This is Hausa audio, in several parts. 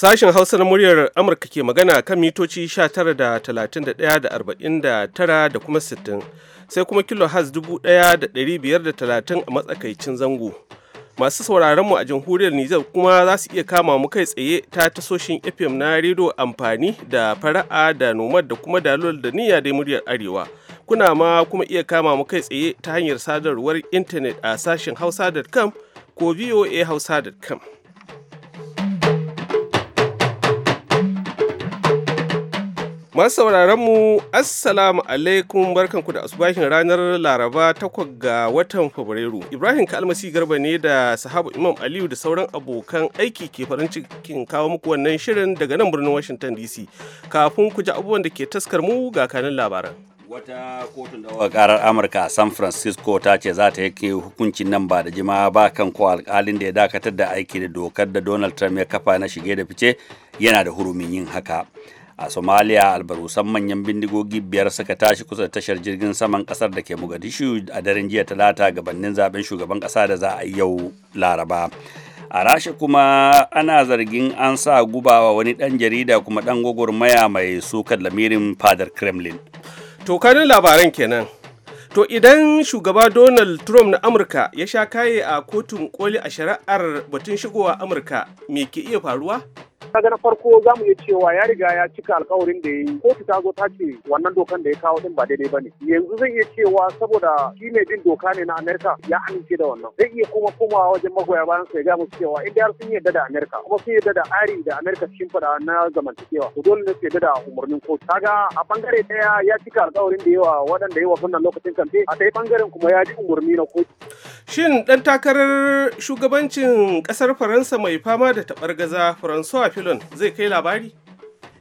Sashen Hausa na muryar Amurka ke magana kan mitoci 19 da 31 da 49 da kuma 60 sai kuma kilo has 1530 a matsakaicin zango. Masu sauraron mu a jamhuriyar Nijar kuma za su iya kama mu kai tsaye ta tasoshin FM na rediyo amfani da fara'a da nomad da kuma dalol da niyya dai muryar Arewa. Kuna ma kuma iya kama mu kai tsaye ta hanyar sadarwar intanet a sashen hausa.com ko voahausa.com. Masu sauraron mu Assalamu alaikum barkanku da asubahin ranar Laraba takwas ga watan Fabrairu. Ibrahim Kalmasi Garba ne da sahabu Imam Aliyu da sauran abokan aiki ke farin cikin kawo muku wannan shirin daga nan birnin Washington DC. Kafin ku ji abubuwan da ke taskar mu ga kanin labaran. Wata kotun dawa karar Amurka a San Francisco ta ce za ta yake hukuncin nan ba da jimawa ba kan ko alkalin da ya dakatar da aiki da dokar da Donald Trump ya kafa na shige da fice yana da hurumin yin haka. a somalia albarusan manyan bindigogi biyar suka tashi kusa da tashar jirgin saman kasar da ke mugadishu a daren jiya talata gabanin zaben shugaban kasa da za a yi yau laraba a rasha kuma ana zargin an sa guba wa wani dan jarida kuma dan gwagwarmaya mai sukar lamirin fadar kremlin to kanin labaran kenan To idan shugaba Donald Trump na Amurka ya sha kaye a kotun koli a shari'ar batun shigowa Amurka me ke iya faruwa? kaga na farko za mu iya cewa ya riga ya cika alkawarin da ya yi kotu ta zo ta ce wannan dokan da ya kawo din ba daidai ba ne yanzu zai iya cewa saboda shi mai bin doka ne na amerika ya amince da wannan zai iya kuma komawa wajen magoya bayan sa ya ga musu cewa in har sun yarda da amerika kuma sun yarda da ari da amerika cikin fada na zamantakewa to dole ne su yarda da umarnin kotu kaga a bangare daya ya cika alkawarin da yawa waɗanda yawa wannan lokacin kamfe a ɗaya bangaren kuma ya ji umarni na kotu. shin ɗan takarar shugabancin ƙasar faransa mai fama da taɓar gaza faransa kilon zai kai labari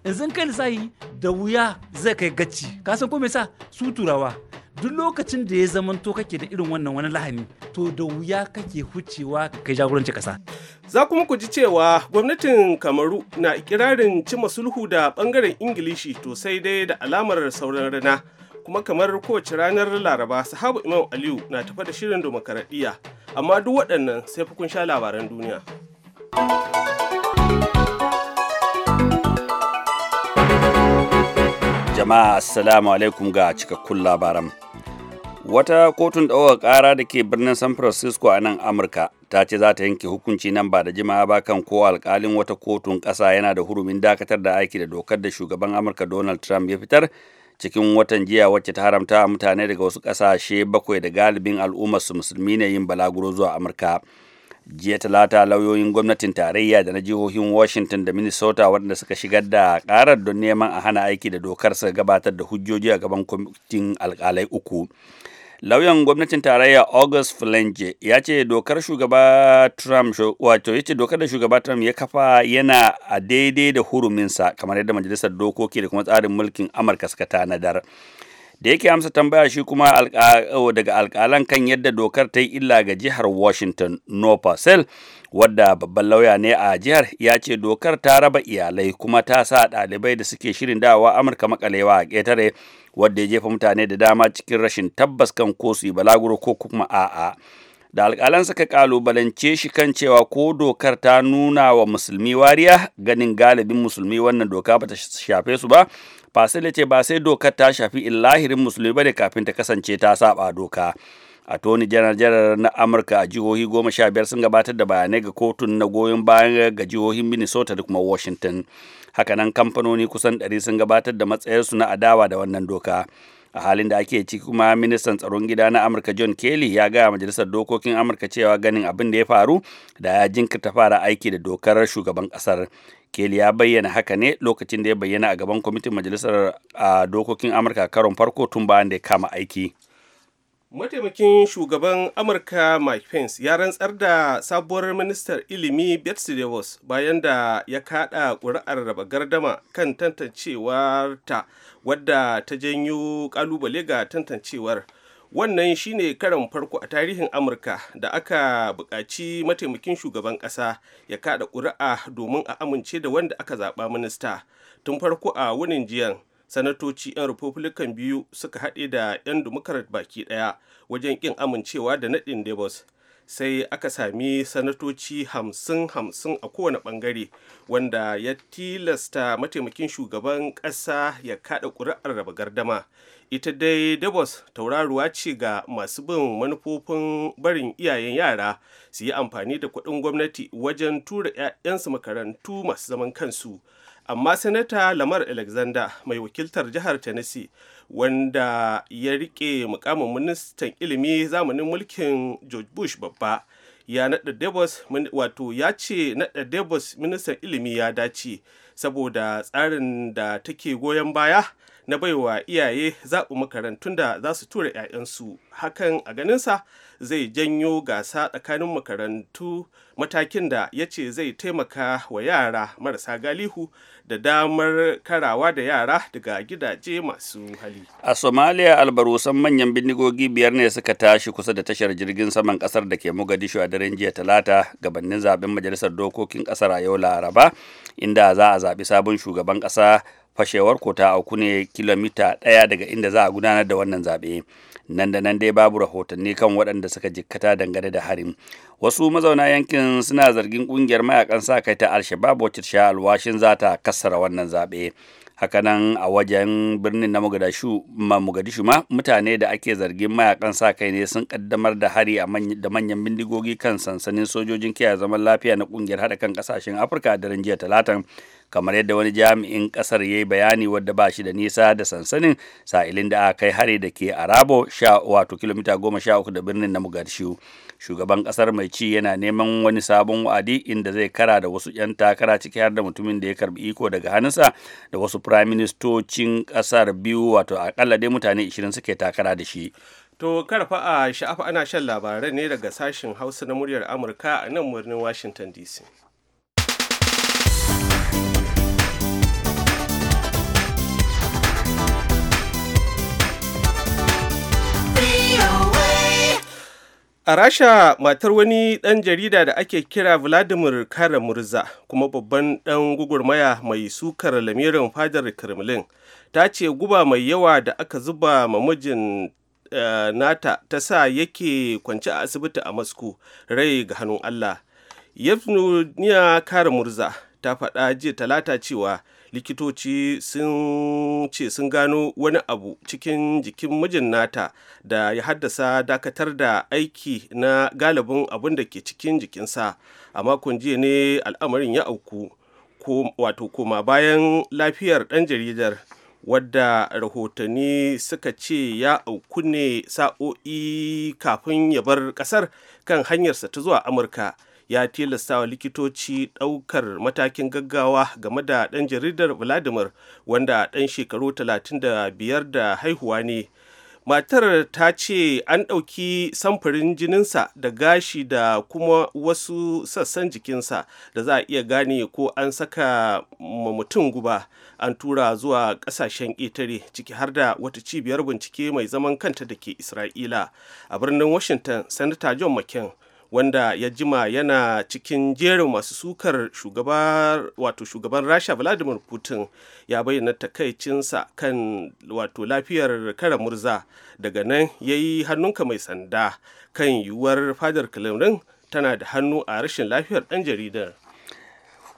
yanzu kai lissahi da wuya zai kai gaci kasan san ko me sa su turawa duk lokacin da ya zaman to kake da irin wannan wani lahani to da wuya kake hucewa kai jagoranci kasa za kuma ku ji cewa gwamnatin kamaru na ikirarin cima sulhu da bangaren ingilishi to sai dai da alamar sauran rana kuma kamar kowace ranar laraba sahabu imam aliyu na tafa da shirin domokaradiyya amma duk waɗannan sai fi kun sha labaran duniya jama'a assalamu alaikum ga cikakkun labaran wata kotun ɗaukar ƙara da ke birnin san francisco a nan amurka ta ce za ta yanke hukunci nan ba da jima'a ba kan ko alƙalin wata kotun ƙasa yana da hurumin dakatar da aiki da dokar da shugaban amurka donald trump ya fitar cikin watan jiya wacce ta haramta mutane daga wasu ƙasashe bakwai da galibin al'ummar su musulmi ne yin balaguro zuwa amurka jiya talata lauyoyin gwamnatin tarayya da na jihohin washington da minnesota waɗanda suka shigar da ƙarar don neman a hana aiki da dokar suka gabatar da hujjoji a gaban kwamitin alƙalai uku lauyan gwamnatin tarayya august flange ya ce dokar shugaba trump wato ya ce dokar da shugaba trump ya kafa yana a daidai da huruminsa kamar yadda majalisar dokoki da kuma tsarin mulkin amurka suka tanadar. da yake amsa tambaya shi kuma oh, daga alƙalan kan yadda dokar ta yi illa ga jihar washington no parcel wadda babban lauya ne a jihar ya ce dokar ta raba iyalai kuma ta sa ɗalibai da suke shirin dawowa amurka makalewa a ƙetare wadda ya jefa mutane da dama cikin rashin tabbas kan ko su yi balaguro ko kuma a'a da alƙalan suka ƙalubalance shi kan cewa ko dokar ta nuna wa musulmi wariya ganin galibin musulmi wannan doka ba ta shafe su ba fasila ce ba sai dokar ta shafi illahirin musulmi ba ne kafin ta kasance ta saba doka a janar janar na amurka a jihohi goma sha biyar sun gabatar da bayanai ga kotun na goyon bayan ga jihohin minnesota da kuma washington hakanan kamfanoni kusan ɗari sun gabatar da matsayarsu na adawa da wannan doka a halin da ake ciki kuma ministan tsaron gida na amurka john kelly ya gaya majalisar dokokin amurka cewa ganin abin da ya faru da ya jinkirta fara aiki da dokar shugaban kasar kelly ya bayyana haka ne lokacin da ya bayyana a gaban kwamitin majalisar dokokin amurka karon farko tun bayan da ya kama aiki mataimakin shugaban amurka mike pence ya rantsar da sabuwar ministar ilimi betsy Davos bayan da ya kada ƙuri'ar raba gardama kan tantancewar ta wadda ta janyo kalubale ga tantancewar wannan shine karan farko a tarihin amurka da aka buƙaci mataimakin shugaban ƙasa ya kada ƙuri'a domin a amince da wanda aka zaɓa minista tun farko a wunin jiyan sanatoci 'yan republican biyu suka haɗe da 'yan democrat baki ɗaya wajen ƙin amincewa da naɗin davos sai aka sami sanatoci hamsin-hamsin a kowane ɓangare wanda ya tilasta mataimakin shugaban ƙasa ya kaɗa ƙuri'ar raba gardama ita dai davos tauraruwa ce ga masu bin manufofin barin iyayen yara su yi amfani da kuɗin gwamnati wajen tura 'ya'yansu makarantu masu zaman kansu amma sanata lamar alexander mai wakiltar jihar tennessee wanda ya rike mukamin ministan ilimi zamanin mulkin george bush babba ya nada Davos wato ya ce nada Davos ministan ilimi ya dace saboda tsarin da take goyon baya na baiwa iyaye zaɓi makarantun da za su tura 'ya'yansu hakan a ganinsa zai janyo gasa tsakanin makarantu matakin da ya ce zai taimaka wa yara marasa galihu da damar karawa da yara daga gidaje masu hali a somalia albarusan manyan bindigogi biyar ne suka tashi kusa da tashar jirgin saman kasar da ke mogadishu a daren jiya talata gabanin zaben majalisar dokokin kasar a yau laraba inda za a zaɓi sabon shugaban ƙasa fashewar kota ta ne kilomita ɗaya daga inda za a gudanar da wannan zaɓe nan da nan dai babu rahotanni kan waɗanda suka jikkata dangane da harin wasu mazauna yankin suna zargin ƙungiyar mayakan sa kai ta alshabab wacce sha alwashin za ta kassara wannan zaɓe nan a wajen birnin na mogadishu ma mogadishu ma mutane da ake zargin mayakan sa kai ne sun kaddamar da hari da manyan bindigogi kan sansanin sojojin kiyaye zaman lafiya na ƙungiyar hada kan ƙasashen afirka daren jiya talatan kamar yadda wani jami'in kasar ya yi bayani wadda ba shi da nisa da sansanin sa'ilin da aka kai hari da ke arabo sha wato kilomita goma sha uku da birnin na mugarshiu shugaban kasar mai ci yana neman wani sabon wa'adi inda zai kara da wasu 'yan takara ciki har da mutumin da ya karbi iko daga hannunsa da wasu firaministocin kasar biyu wato akalla dai mutane 20 suke takara da shi To karfa a sha'afa ana shan labarai ne daga sashen Hausa na muryar Amurka a nan birnin Washington DC. A Rasha matar wani ɗan jarida da ake kira Vladimir Murza, kuma babban ɗan gugurmaya mai sukar lamirin fadar Kremlin ta ce guba mai yawa da aka zuba ma mijin eh, nata ta sa yake kwance a asibiti a Moscow rai ga hannun Allah. kare Murza ta faɗa jiya talata cewa likitoci sun ce sun gano wani abu cikin jikin mijin nata da ya haddasa dakatar da aiki na galibin abin da ke cikin jikinsa a makon jiya ne al'amarin ya auku wato koma bayan lafiyar ɗan jaridar wadda rahotanni suka ce ya auku ne sa'o'i kafin ya bar ƙasar kan hanyarsa ta zuwa amurka ya tilastawa likitoci ɗaukar matakin gaggawa game da ɗan jaridar vladimir wanda ɗan shekaru 35 da haihuwa ne matar ta ce an ɗauki samfurin jininsa da gashi da kuma wasu sassan jikinsa da za a iya gane ko an saka ma mutum guba an tura zuwa ƙasashen ƙetare ciki har da wata cibiyar bincike mai zaman kanta da ke isra'ila a birnin washington senator john mccain wanda ya jima yana cikin jerin masu sukar wato shugaban rasha vladimir putin ya bayyana takaicinsa kan wato lafiyar kara murza daga nan ya yi hannunka mai sanda kan yiwuwar fadar kremlin tana da hannu a rashin lafiyar ɗan jaridar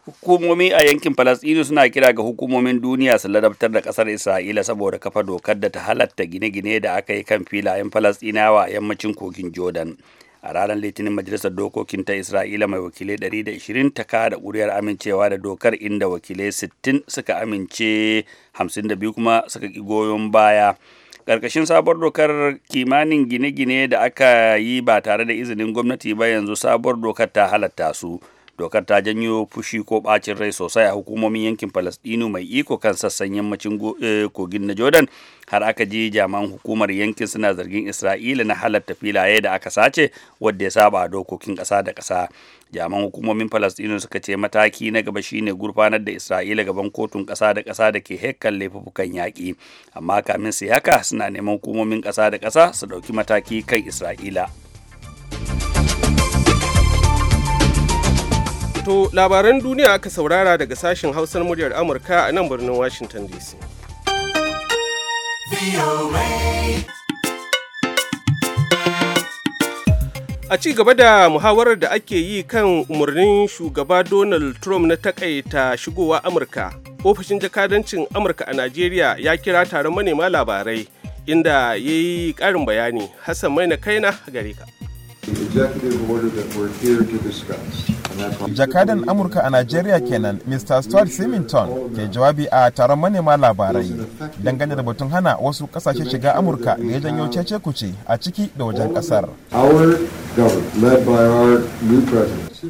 hukumomi a yankin falasɗinu suna kira ga hukumomin duniya su ladabtar da ƙasar isra'ila saboda kafa dokar da ta halatta gine-gine da aka yi kan filayen falasɗinawa a yammacin kogin jordan a ranar litinin majalisar dokokin ta isra'ila mai wakilai 120 ta kada ƙuri'ar amincewa da dokar inda wakilai 60 suka amince 52 kuma suka ƙi goyon baya ƙarƙashin sabuwar dokar kimanin gine-gine da aka yi ba tare da izinin gwamnati ba yanzu sabuwar dokar ta halatta su dokar ta janyo fushi ko bacin rai sosai a hukumomin yankin palestino mai iko kan sassan yammacin eh, kogin na jordan har aka ji jami'an hukumar yankin suna zargin isra'ila na halatta filaye da aka sace wadda ya saba dokokin kasa da kasa jami'an hukumomin palestino suka ce mataki na gaba shine gurfanar da isra'ila gaban kotun kasa da kasa da ke hekkan laifukan yaƙi amma kamin su haka suna neman hukumomin kasa da kasa su ɗauki mataki kan isra'ila. To labaran duniya aka saurara daga sashen hausar muryar Amurka a nan birnin Washington DC. A ci gaba da muhawarar da ake yi kan umarnin shugaba Donald Trump na takaita shigowa Amurka, ofishin jakadancin Amurka a Najeriya ya kira taron manema labarai inda ya yi ƙarin bayani. Hassan Maina Kaina gare ka. Jakadan Amurka a Najeriya kenan Mr. Stuart Simington ke jawabi a taron manema labarai dangane da batun hana wasu kasashe shiga Amurka da ya janyo cece kuce a ciki da wajen kasar.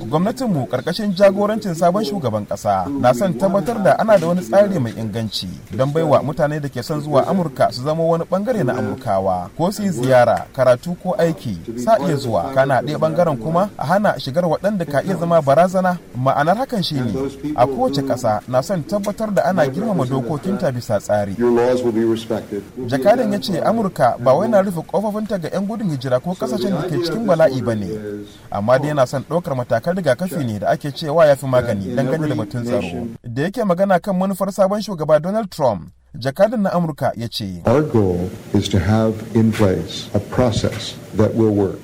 Gwamnatinmu ƙarƙashin jagorancin sabon shugaban ƙasa na son tabbatar da ana da wani tsari mai inganci don baiwa mutane da ke son zuwa Amurka su zama wani bangare na Amurkawa ko su yi ziyara, karatu ko aiki, sa iya zuwa, kana ɗaya bangaren kuma a hana shigar waɗanda ka iya zama barazana. Ma'anar hakan shi ne a kowace ƙasa na son tabbatar da ana girmama dokokin ta bisa tsari. Jakadan ya ce Amurka ba wai na rufe ƙofofinta ga 'yan gudun hijira ko ƙasashen da ke cikin bala'i bala'i ba ne amma dai yana son ɗaukar matakan rigakafi ne da ake cewa ya fi magani dangane da batun tsaro da yake magana kan manufar sabon shugaba donald trump jakadan na amurka ya ce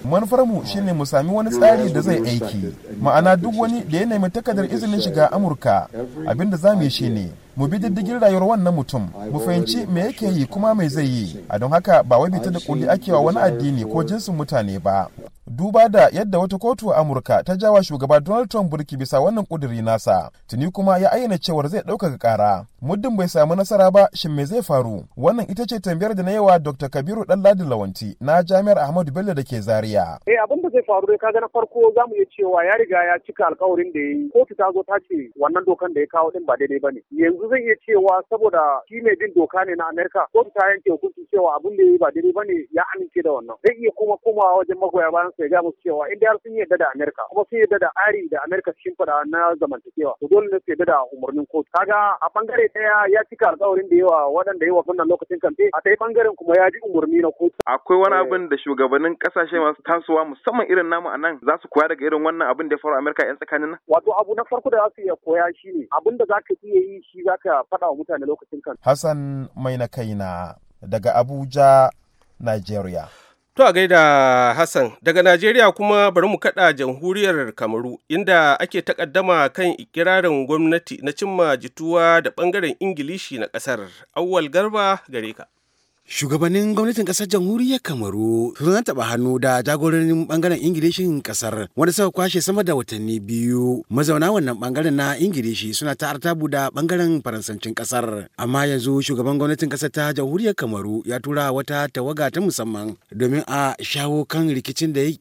manufarmu shine mu sami wani tsari da zai aiki ma'ana duk wani da ya nemi takardar izinin shiga amurka abinda za mu yi shine mu bi diddigin rayuwar wannan mutum mu fahimci me yake yi kuma mai zai yi a don haka ba wai bita da kulli ake wa wani addini ko jinsin mutane ba duba da yadda wata kotu a amurka ta jawa shugaba donald trump burki bisa wannan kuduri nasa tuni kuma ya ayyana cewar zai ɗaukaka kara. muddin bai samu nasara ba shin me zai faru wannan ita ce tambayar da na yawa dr kabiru ɗanladi lawanti na jami'ar ahmadu bello da ke zaria eh abin da zai faru dai kaga na farko za mu iya cewa ya riga ya cika alkawarin da ya yi kotu ta zo ta ce wannan dokan da ya kawo din ba daidai ba ne yanzu zai iya cewa saboda shi mai bin doka ne na amerika kotu ta yanke hukunci cewa abin da ya yi ba daidai ba ne ya amince da wannan zai iya kuma komawa wajen magoya bayan sa ya ga musu cewa inda har sun yarda da amerika kuma sun yarda da ari da amerika shimfiɗa na zamantakewa to dole ne su yarda da umarnin kotu kaga a bangare bangare ya cika alkawarin da yawa waɗanda yi wa wannan lokacin kamfe a ɗaya ɓangaren kuma ya ji umarni na kotu. Akwai wani eh. abin da shugabannin ƙasashe masu tasowa musamman irin namu a nan za su koya daga irin wannan abin da ya faru a Amerika 'yan tsakanin nan? Wato abu na farko da za su iya koya shi ne abin da za ka iya yi shi za ka faɗa wa mutane lokacin kan. Hassan mai na kaina daga Abuja, Nigeria. To a gaida Hassan daga Najeriya kuma bari mu kada jamhuriyar Kamaru inda ake takaddama kan ikirarin gwamnati na cimma jituwa da bangaren Ingilishi na kasar. Awwal Garba gare ka. Shugabannin gwamnatin kasar jamhuriyar Kamaru sun taɓa hannu da jagororin bangaren Ingilishin ƙasar, wanda suka kwashe sama da watanni biyu. Mazauna wannan bangaren na Ingilishi suna ta artabu da bangaren Faransancin ƙasar, Amma yanzu shugaban gwamnatin kasar ta jamhuriyar Kamaru ya tura wata tawaga ta musamman domin a shawo kan rikicin da ya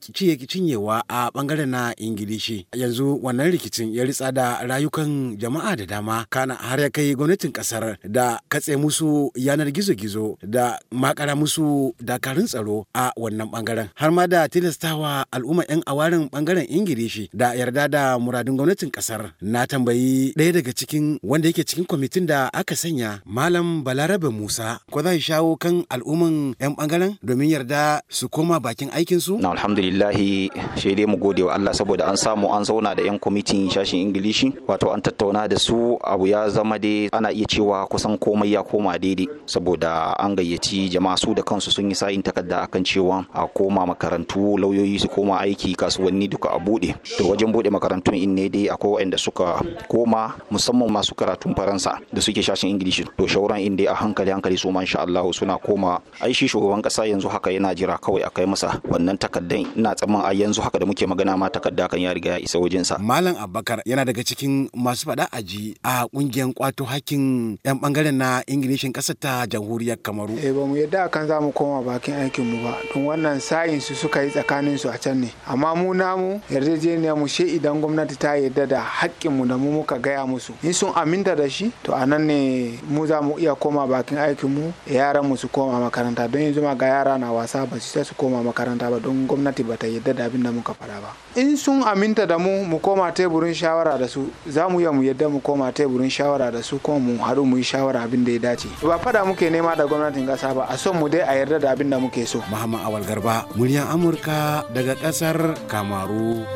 cinyewa a ɓangaren na Ingilishi. Yanzu wannan rikicin ya ritsa da rayukan jama'a da dama kana har ya kai gwamnatin ƙasar da katse musu yanar gizo-gizo da makara musu dakarun tsaro a wannan bangaren har ma da tilastawa al'umma 'yan awarin bangaren ingilishi da yarda da muradun gwamnatin kasar na tambayi ɗaya daga cikin wanda yake cikin kwamitin da aka sanya malam balarabe musa ko za shawo kan al'umman 'yan bangaren domin yarda su koma bakin aikinsu? na alhamdulillahi shi dai mu gode wa allah saboda an samu an zauna da 'yan kwamitin shashin ingilishi wato an tattauna da su abu ya zama dai ana iya cewa kusan komai ya koma daidai saboda an gayyaci gwamnati jama'a su da kansu sun yi sa'in takarda akan cewa a koma makarantu lauyoyi su koma aiki kasuwanni duka a bude to wajen bude makarantun in ne dai akwai waɗanda suka koma musamman masu karatun faransa da suke shashin ingilishi to shauran in dai a hankali hankali su ma insha Allah suna koma ai shi shugaban kasa yanzu haka yana jira kawai a kai masa wannan takardan ina tsamman a yanzu haka da muke magana ma takarda kan ya riga ya isa wajen sa malam abubakar yana daga cikin masu faɗa aji a kungiyar kwato hakkin yan bangaren na ingilishin kasar ta jamhuriyar kamaru eh, ba mu yadda kan za mu koma bakin aikin mu ba don wannan sa'in su suka yi tsakanin su a can ne amma mu namu yarjejeniya mu she idan gwamnati ta yadda da haƙƙin mu da mu muka gaya musu in sun aminta da shi to a nan ne mu za mu iya koma bakin aikin mu yaran mu su koma makaranta don yanzu ma ga yara na wasa ba su su koma makaranta ba don gwamnati ba ta yadda da abin da muka faɗa ba in sun aminta da mu mu koma teburin shawara da su za mu iya mu yadda mu koma teburin shawara da su kuma mu haɗu mu yi shawara abin da ya dace ba fada muke nema da gwamnatin ƙasa ƙasa ba a son mu dai a yarda da abin da muke so muhammad awal garba murya amurka daga kasar kamaru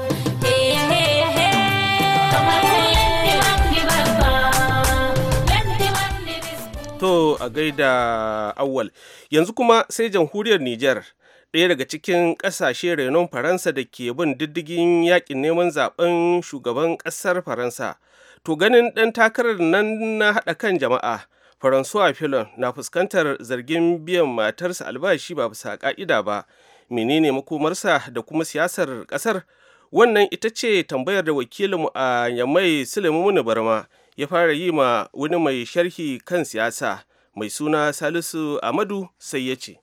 To a gaida awwal yanzu kuma sai jamhuriyar Nijar ɗaya daga cikin ƙasashe renon Faransa da ke bin diddigin yaƙin neman zaben shugaban ƙasar Faransa. To ganin ɗan takarar nan na haɗa kan jama'a faransuwa filon na fuskantar zargin biyan matarsa albashi ba bisa ka'ida ba menene makomarsa da kuma siyasar kasar wannan ita ce tambayar da wakilinmu a yamai sulemunu barma ya fara yi ma wani mai sharhi kan siyasa mai suna salisu amadu sai ya ce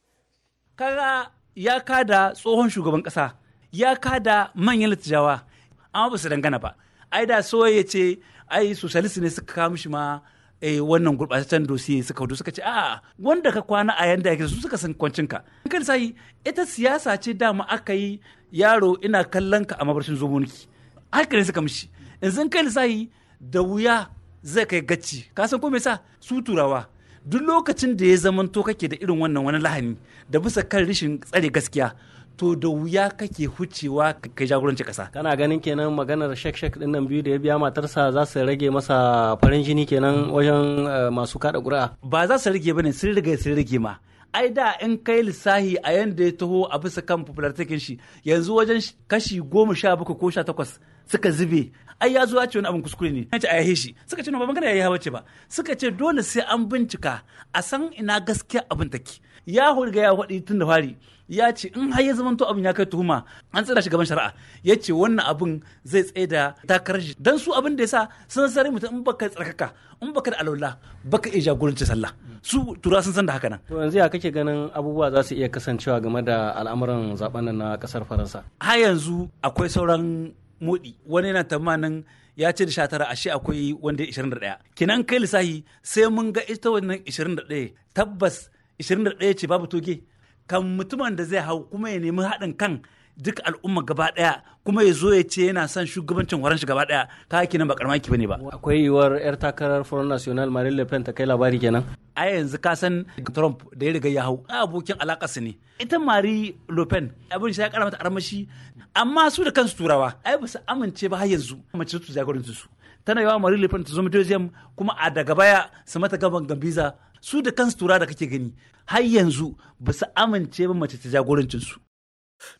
kaga ya kada tsohon shugaban kasa ya kada manyan littattawa amma ba su dangana ba ai da so ya ce ai socialist ne suka kawo shi ma eh, wannan gurɓataccen dosiye suka hudu suka ce a ah, wanda ka kwana a yanda yake su suka san kwancinka kan sai ita siyasa ce dama aka yi yaro ina kallon ka a mabarshin zomoniki haka ne suka mishi yanzu kai sai da wuya zai kai gacci ka san ko me sa su turawa duk lokacin da ya zamanto kake da irin wannan wani lahani da bisa kan rishin tsare gaskiya to da wuya kake hucewa kai jagoranci kasa kana ganin kenan maganar shek shek din nan biyu da ya biya matarsa za su rage masa farin jini kenan wajen eh, masu kada ƙuri'a ba za su rage bane sun riga sun rage ma ai da in kai lissahi a yanda ya taho a bisa kan popularitakin shi yanzu wajen kashi goma sha bakwai ko sha takwas suka zube ai ya zo ya ce wani abin kuskure ne ya ce a yahe shi suka ce ba magana ya yi ce ba suka ce dole sai an bincika a san ina gaskiya abin take ya hulga ya waɗi tun da fari ya ce in har ya to abin ya kai tuhuma an tsira shi gaban shari'a ya ce wannan abin zai tsaye da takarar shi dan su abin da ya sa sun sare mutum in baka tsarkaka in baka da alwala baka iya jagoranci sallah su tura sun san da haka nan to yanzu ya kake ganin abubuwa za su iya kasancewa game da al'amuran zaben nan na kasar faransa har yanzu akwai sauran modi wani yana tamanin ya ce da sha tara ashe akwai wanda ya 21 kinan kai lissahi sai mun ga ita wannan 21 tabbas 21 ce babu toge kan mutumin da zai hau kuma ya nemi haɗin kan duk al'umma gaba ɗaya kuma ya zo ya ce yana son shugabancin waran shi gaba ɗaya ka haƙi nan ba karma ki bane ba akwai yiwuwar yar takarar Front National Marine Le Pen ta kai labari kenan a yanzu ka san Trump da ya riga ya hau abokin alaƙa su ne ita Marie Le Pen abin shi ya ƙara mata armashi amma su da kansu turawa a ba su amince ba har yanzu mace su jagorancin su tana yawa Marie Le Pen ta zo mutuzium kuma a daga baya su mata gaban gambiza su da kansu tura da kake gani har yanzu ba su amince ba mace ta jagorancinsu.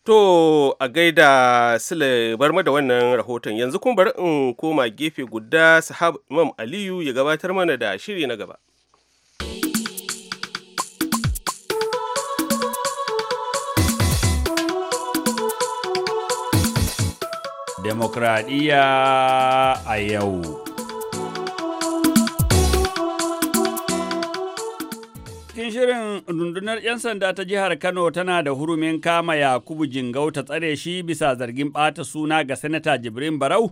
To a gaida Sule bar da wannan rahoton yanzu kuma bari in koma gefe guda sahab Imam Aliyu ya gabatar mana da shiri na gaba. Demokradiyya a yau. cikin shirin rundunar 'yan sanda ta jihar Kano tana da hurumin kama Yakubu Jingau ta tsare shi bisa zargin ɓata suna ga Sanata Jibrin Barau?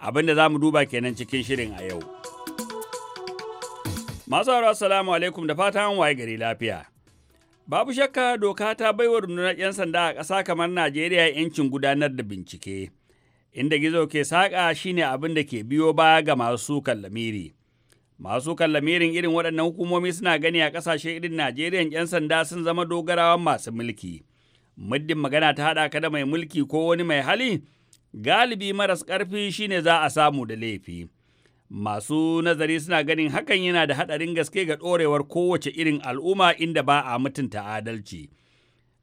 Abinda za mu duba kenan cikin shirin a yau. Masu haro assalamu alaikum da fata an waye gari lafiya. Babu shakka doka ta baiwa rundunar 'yan sanda a ƙasa kamar Najeriya 'yancin gudanar da bincike. Inda gizo ke saƙa shine abin da ke biyo baya ga masu lamiri. Masu kallamirin irin waɗannan hukumomi suna gani a ƙasashe irin Najeriya 'yan sanda sun zama dogarawan masu mulki. Muddin magana ta haɗa ka da mai mulki ko wani mai hali, galibi maras ƙarfi shine za a samu da laifi. Masu nazari suna ganin hakan yana da haɗarin gaske ga ɗorewar kowace irin al'umma inda ba a mutunta adalci.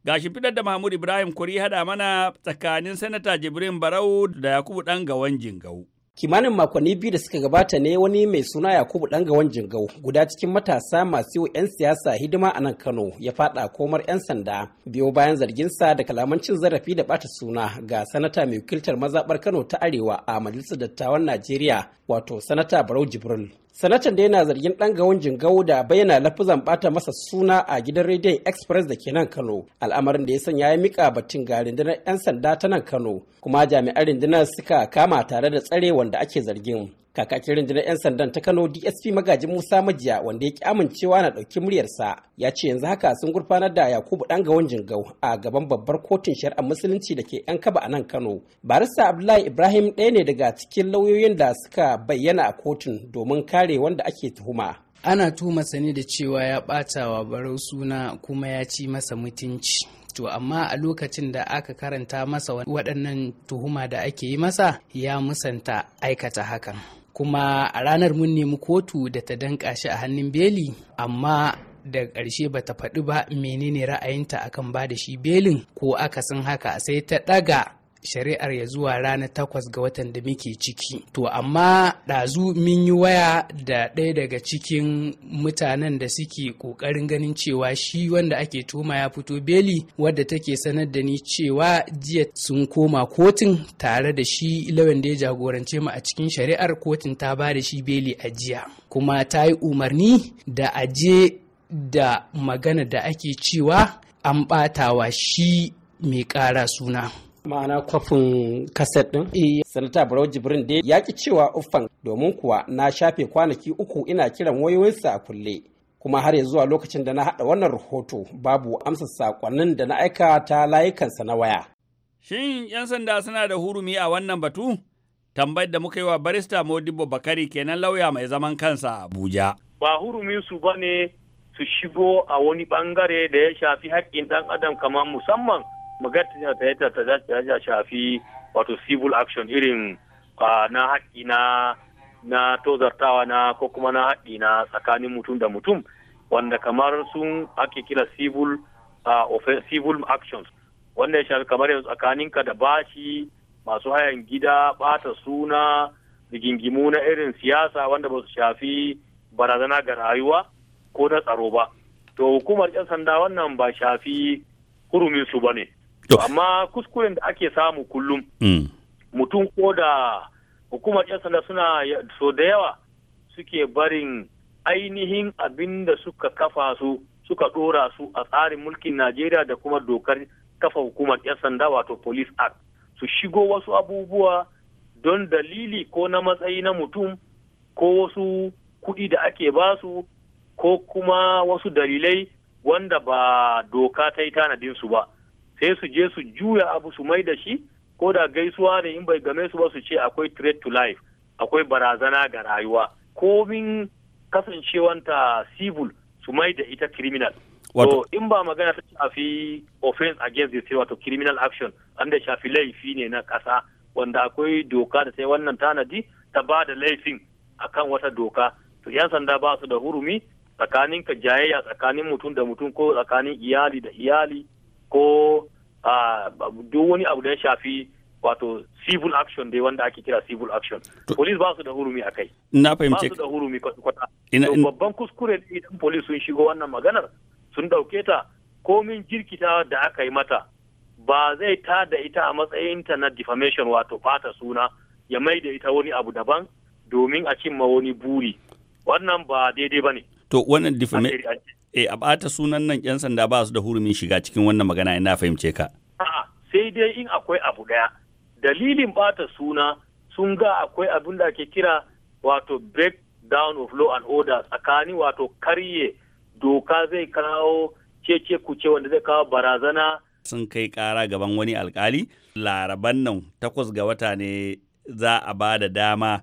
Ga fitar da Mahmud Ibrahim Kuri haɗa mana tsakanin Sanata Jibrin Barau da Yakubu Ɗan Gawan Jingau. kimanin makonni biyu da suka gabata ne wani mai suna yakubu gawan jingau guda cikin matasa masu yi 'yan siyasa hidima a nan kano ya fada komar 'yan sanda biyo bayan zarginsa da kalaman cin zarafi da bata suna ga sanata mai wakiltar mazaɓar kano ta arewa a majalisar dattawan najeriya wato sanata barau jibril sanatan da yana zargin dan gawon jingau da bayyana lafuzan bata masa suna a gidan rediyon express da ke nan kano al'amarin da ya sanya ya mika batun ga rindunar 'yan sanda ta nan kano kuma jami'an rindunar suka kama tare da tsare wanda ake zargin kakakin rundunar 'yan sandan ta kano dsp magajin musa majiya wanda ya ki amincewa na ɗauki muryarsa ya ce yanzu haka sun gurfanar da yakubu ɗan gawan jingau a gaban babbar kotun shari'ar musulunci da ke yan kaba a nan kano barista abdullahi ibrahim ɗaya ne daga cikin lauyoyin da suka bayyana a kotun domin kare wanda ake tuhuma ana tuhumarsa ne da cewa ya ɓata wa barau suna kuma ya ci masa mutunci to amma a lokacin da aka karanta masa waɗannan tuhuma da ake yi masa ya musanta aikata hakan kuma a ranar mun nemi kotu da ta danka shi a hannun beli amma da ƙarshe ba ta faɗi ba menene ra'ayinta akan ba da shi belin ko akasin haka sai ta ɗaga shari'ar ya zuwa rana takwas ga watan da muke ciki to amma ɗazu min yi waya da ɗaya daga cikin mutanen da suke ƙoƙarin ganin cewa shi wanda ake tuma ya fito beli wadda take sanar da ni cewa jiya sun koma kotun tare da shi lawan da ya jagorance mu a cikin shari'ar kotun ta ba da shi beli a jiya kuma ta yi umarni da aje da magana da ake cewa an ɓatawa shi mai ƙara suna ma'ana kwafin kaset din eh, sanata barau jibrin dai ya ki cewa uffan domin kuwa na shafe kwanaki uku ina kiran wayoyinsa a kulle kuma har ya zuwa lokacin da na haɗa wannan rahoto babu amsa sakonnin da na aika ta layukansa na waya shin 'yan sanda suna da hurumi a wannan batu tambayar da muka yi wa barista modibo bakari kenan lauya mai zaman kansa abuja ba hurumi su ba ne su shigo a wani bangare da ya shafi haƙƙin ɗan adam kamar musamman magana ta ta shafi wato civil action irin na haƙƙi na na tozartawa na ko kuma na haƙƙi na tsakanin mutum da mutum wanda kamar sun ake kira civil civil actions wanda ya shafi kamar yanzu tsakaninka da bashi masu hayan gida bata suna rigingimu na irin siyasa wanda ba su shafi barazana ga rayuwa ko na tsaro ba to hukumar 'yan sanda wannan ba shafi kurumin su ba ne amma kuskuren da ake samu kullum hmm. mutum ko da hukumar 'yan sanda suna so da yawa suke barin ainihin abin da suka kafa su suka ɗora su a tsarin mulkin najeriya da kuma dokar kafa hukumar 'yan sanda wato police act su shigo wasu abubuwa don dalili ko na matsayi na mutum ko wasu kuɗi da ake ba su ko kuma wasu dalilai wanda ba doka ta yi tanadinsu ba sai su je su juya abu su mai da shi ko da gaisuwa ne in bai game su ba su ce akwai threat to life akwai barazana ga rayuwa komin kasancewanta civil su mai da ita criminal wato in ba magana ta shafi offense against the state wato criminal action wanda shafi laifi ne na kasa wanda akwai doka da sai wannan tanadi ta ba da laifin akan wata doka to yan sanda ba su da hurumi tsakanin ka jayayya tsakanin mutum da mutum ko tsakanin iyali da iyali ko duk wani abu da ya shafi wato civil action dai wanda ake kira civil action police ba su da hurumi a kai na fahimce ba su da hurumi kwata-kwata babban kuskure ne idan police sun shigo wannan maganar sun dauke ta komin jirkita da aka yi mata ba zai ta da ita a matsayinta na defamation wato fata suna ya mai da ita wani abu daban domin a cimma wani buri wannan ba daidai ba ne to wannan eh a bata sunan nan yan sanda ba su da hurumin shiga cikin wannan magana ina fahimce ka a'a sai dai in akwai abu daya dalilin bata suna sun ga akwai abin da ake kira wato break down of law and order tsakani wato karye doka zai kawo cece kuce wanda zai kawo barazana sun kai kara gaban wani alkali laraban nan takwas ga wata ne za a ba da dama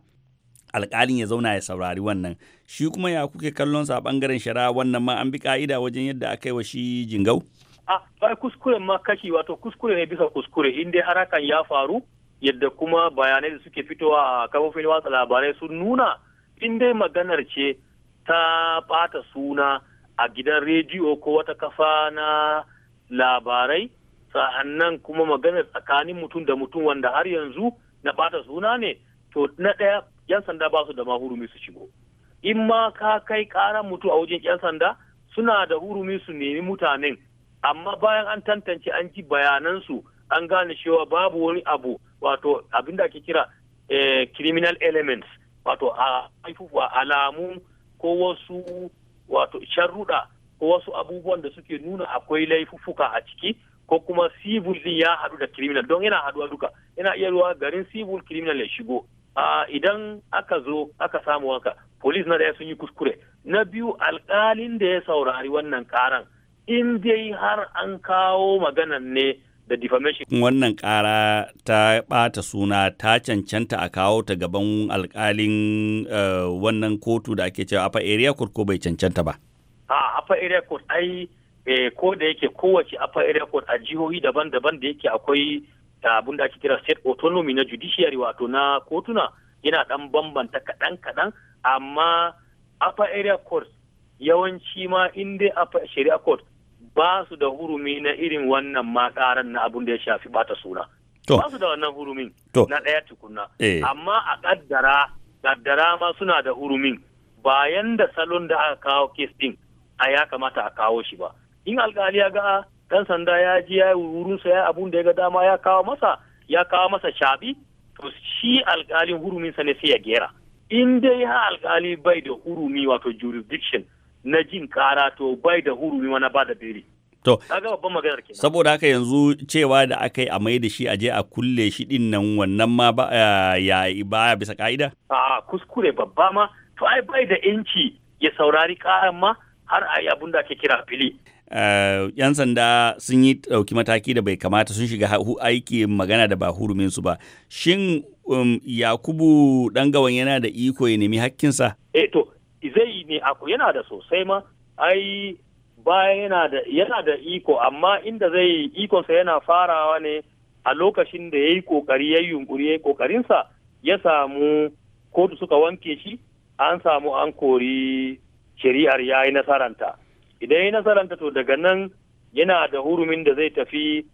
alƙalin ya zauna ya saurari wannan shi kuma ya kuke kallon sa a bangaren shari'a wannan ma an bi ka'ida wajen yadda aka yi wa shi jingau a bai kuskuren ma kashi wato kuskure ne bisa kuskure in dai harakan ya faru yadda kuma bayanai da suke fitowa a kafofin watsa labarai sun nuna in dai maganar ce ta ɓata suna a gidan rediyo ko wata kafa na labarai sa'annan kuma maganar tsakanin mutum da mutum wanda har yanzu na bata suna ne to na ɗaya yan sanda ba su da ma hurumi su shigo in ma ka kai karan mutu a wajen yan sanda suna da hurumi su nemi mutanen amma bayan an tantance an ji bayanansu an gane cewa babu wani abu wato abin da ake kira eh, criminal elements wato a haifuwa alamu ko wasu wato sharruɗa ko wasu abubuwan da suke nuna akwai laifuffuka a ciki ko kuma civil din ya haɗu da criminal don yana haɗuwa duka yana iya ruwa garin civil criminal ya shigo idan aka zo aka samu wanka polis na daya sun yi kuskure na biyu alkalin da ya saurari wannan karan in dai har an kawo maganan ne da defamation. Wannan kara ta ɓata suna ta cancanta a kawo ta gaban alkalin eh, wannan kotu da ake cewa apa area court ko bai cancanta ba. A apa area court ai eh, ko da yake kowace apa area court a jihohi daban-daban da yake akwai abun da ake kira state autonomy na judiciary wato na kotuna yana dan bambanta kaɗan kaɗan amma upper area court yawanci ma in dai upper shari'a court ba su da hurumi na irin wannan makaran na abun da ya shafi bata suna ba su da wannan hurumin na ɗaya tukunna eh. amma a ƙaddara ƙaddara ma suna da hurumin bayan da salon da aka kawo case din a ya kamata a kawo shi ba in alƙali ya ga dan sanda ya ji ya wurinsa ya abun da ya ga dama ya kawo masa ya kawo masa shabi to shi alkalin huruminsa ne sai ya gera in dai ha alkali bai da hurumi wato jurisdiction na jin kara to bai da hurumi wani ba da biri to kaga babban maganar kenan saboda haka yanzu cewa da aka yi a mai da shi a je a kulle shi din nan wannan ma ba ya ba bisa ka'ida a kuskure babba ma to ai bai da yanci ya saurari karan ma har a yi abin da ake kira fili Eh, 'yan sanda sun yi ɗauki mataki da bai kamata sun shiga aiki magana da ba hurumin su ba shin um, yakubu gawan yana da iko ya nemi hakkinsa e to zai ne yana da sosai ma ai baya yana da iko amma inda zai ikonsa yana farawa ne a lokacin da ya yi kokari ya yunkuri ya yi kokarinsa ya samu kotu suka wanke shi an samu an kori shari'ar ya yi nasaranta idan ya nasaranta to daga nan yana da hurumin da zai tafi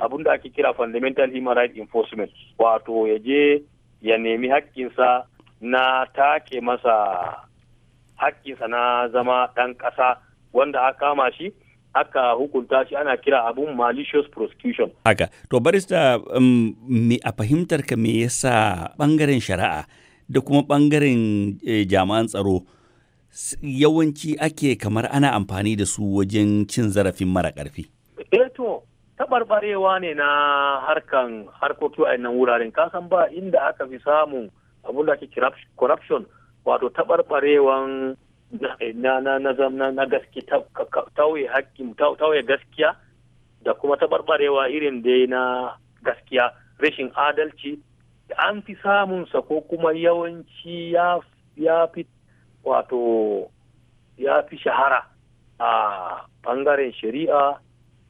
abun da ake kira fundamental human rights enforcement wato ya je ya nemi haƙƙinsa na take masa haƙƙinsa na zama ɗan ƙasa wanda aka kama shi aka hukunta shi ana kira abun malicious prosecution. Haka, to barista um, a fahimtar ka me yasa ɓangaren shari'a da kuma ɓangaren eh, jami'an tsaro yawanci ake kamar ana amfani da su wajen cin zarafin mara ƙarfi. Eh to taɓarɓarewa ne na harkan harkoki a nan wuraren kasan ba inda aka fi samun abin da ake corruption wato taɓarɓarewan na na na na na gaske tauye tauye gaskiya da kuma taɓarɓarewa irin da na gaskiya rashin adalci an fi samunsa ko kuma yawanci ya fi wato ya fi shahara a ɓangaren shari'a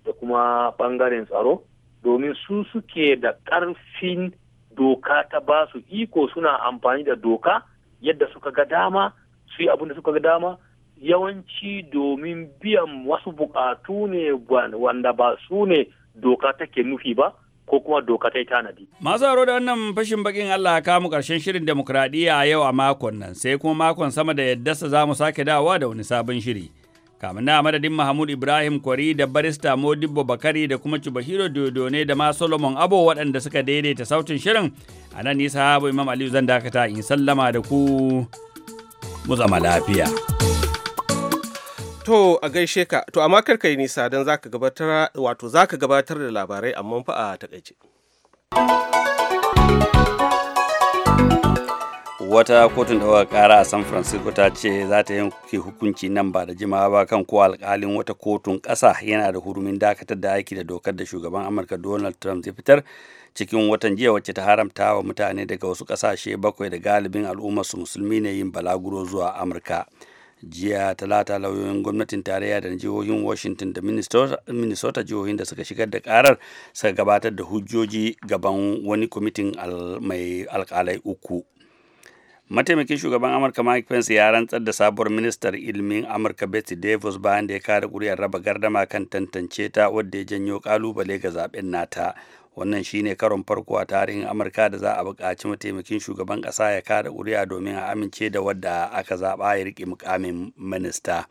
da kuma ɓangaren tsaro domin su suke da ƙarfin doka ta ba su iko suna amfani da doka yadda suka ga dama su yi abin da suka ga dama yawanci domin biyan wasu buƙatu ne wanda ba su ne doka take nufi ba ko kuma doka ta yi tanadi. Masu aro da wannan fashin bakin Allah ka mu karshen shirin demokradiyya a yau a makon nan sai kuma makon sama da sa za mu sake dawowa da wani sabon shiri. kamin na madadin Mahmud Ibrahim Kwari da barista Modibbo Bakari da kuma Cibahiro Dodone da ma Solomon Abo waɗanda suka daidaita sautin shirin a nan nisa Imam Aliyu zan dakata in sallama da ku mu zama lafiya. To a gaishe ka, to amma kar ka yi nisa don zaka gabatar wato zaka gabatar da labarai amma fa a takaice. Wata kotun ɗaukar kara a San Francisco ta ce za ta yanke hukunci nan ba da jima ba kan ko alkalin wata kotun ƙasa yana da hurumin dakatar da aiki da dokar da shugaban Amurka Donald Trump ya fitar cikin watan jiya wacce ta haramta wa mutane daga wasu ƙasashe bakwai da galibin al'ummarsu musulmi ne yin balaguro zuwa Amurka. jiya talata lauyoyin gwamnatin tarayya da jihohin washington da minnesota jihohin da suka shigar da karar suka gabatar da hujjoji gaban wani kwamitin mai alkalai uku mataimakin shugaban amurka mike pence ya rantsar da sabuwar ministar ilimin amurka betsy davis bayan da ya kare kuri'ar raba gardama kan tantance ta wadda ya janyo kalubale ga zaben nata wannan shine karon farko a tarihin amurka da za a buƙaci mataimakin shugaban ƙasa ya kada ƙuri'a domin a amince da wadda aka zaɓa ya riƙe mukamin minista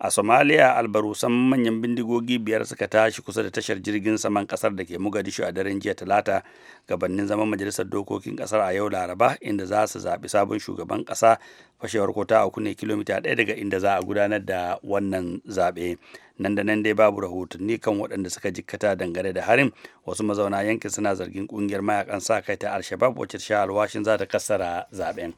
a somaliya albarusan manyan bindigogi biyar suka tashi kusa da tashar jirgin saman ƙasar da ke mugadishu a daren jiya talata gabanin zaman majalisar dokokin kasar a yau laraba inda za su zaɓi sabon shugaban ƙasa fashewar kota a kunne kilomita ɗaya daga inda za a gudanar da wannan zaɓe nan da nan dai babu rahotanni kan waɗanda suka jikkata dangane da harin wasu mazauna yankin suna zargin ƙungiyar mayakan sa kai ta alshabab wacce sha alwashin za ta kassara zaɓen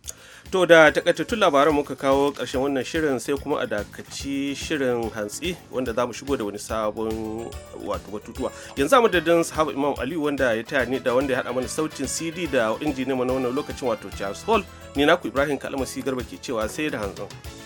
to da takaitattun labaran muka kawo karshen wannan shirin sai kuma a dakaci shirin hantsi wanda za mu shigo da wani sabon wato batutuwa yanzu a madadin sahabu imam aliyu wanda ya taya ni da wanda ya haɗa mana sautin cd da injini na wannan lokacin wato charles hall ni naku ibrahim kalmasi garba ke cewa sai da hanzo.